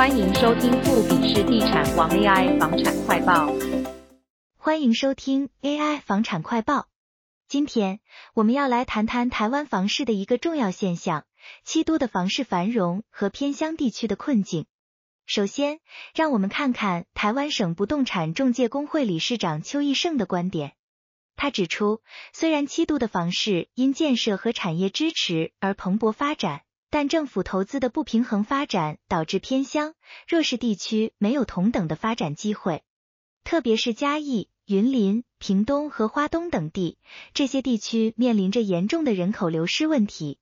歡迎收聽富比士地產王 AI 房產快報。歡迎收聽 AI 房產快報。今天我們要來談談台灣房市的一個重要現象——七都的房市繁榮和偏鄉地區的困境。首先，讓我們看看台灣省不動產仲介工會理事長邱義勝的觀點。他指出，雖然七都的房市因建設和產業支持而蓬勃發展。但政府投資的不平衡發展導致偏鄉弱勢地區沒有同等的發展機會，特別是嘉義、雲林、屏東和花東等地，這些地區面臨着嚴重的人口流失問題。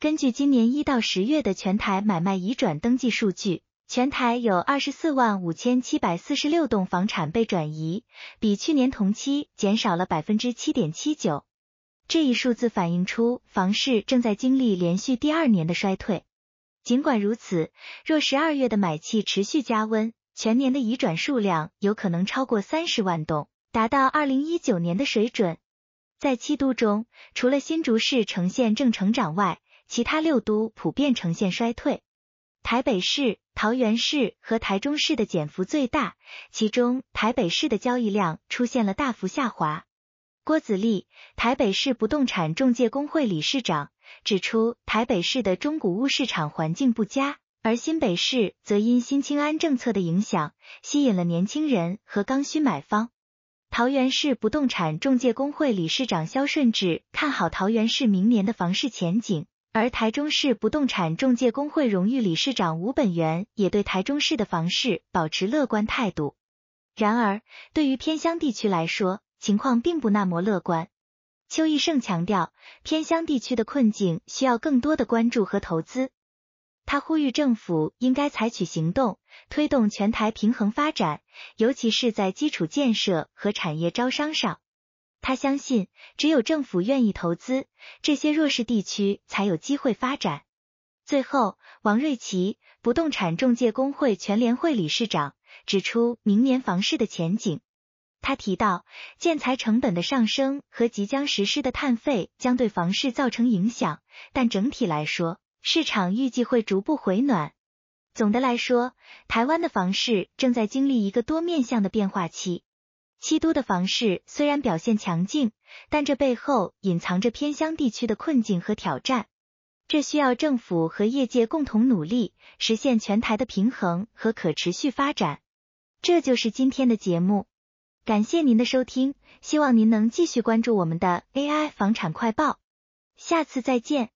根據今年一到十月的全台買賣移轉登記數據，全台有二十四萬五千七百四十六棟房產被轉移，比去年同期減少了百分之七點七九。這一數字反映出房市正在經歷連續第二年的衰退。儘管如此，若十二月的買氣持續加溫，全年的移轉數量有可能超過三十萬棟，達到二零一九年的水準。在七都中，除了新竹市呈現正成長外，其他六都普遍呈現衰退。台北市、桃園市和台中市的減幅最大，其中台北市的交易量出現了大幅下滑。郭子立，台北市不動產仲介工會理事長指出，台北市的中古屋市場環境不佳，而新北市則因新青安政策的影響，吸引了年輕人和剛需買方。桃園市不動產仲介工會理事長蕭順志看好桃園市明年的房市前景，而台中市不動產仲介工會榮譽理事長吳本元也對台中市的房市保持樂觀態度。然而，對於偏鄉地區來說，情況並不那麼樂觀。邱義勝強調，偏鄉地區的困境需要更多的關注和投資。他呼籲政府應該採取行動，推動全台平衡發展，尤其是在基礎建設和產業招商上。他相信，只有政府願意投資，這些弱勢地區才有機會發展。最後，王瑞琪，不動產仲介工會全聯會理事長，指出明年房市的前景。他提到，建材成本的上升和即將實施的碳費將對房市造成影響，但整體來說，市場預計會逐步回暖。總的來說，台灣的房市正在經歷一個多面向的變化期。七都的房市雖然表現強勁，但這背後隱藏着偏鄉地區的困境和挑戰，這需要政府和業界共同努力，實現全台的平衡和可持續發展。這就是今天的節目。感謝您的收聽，希望您能繼續關注我們的 AI 房產快報。下次再見。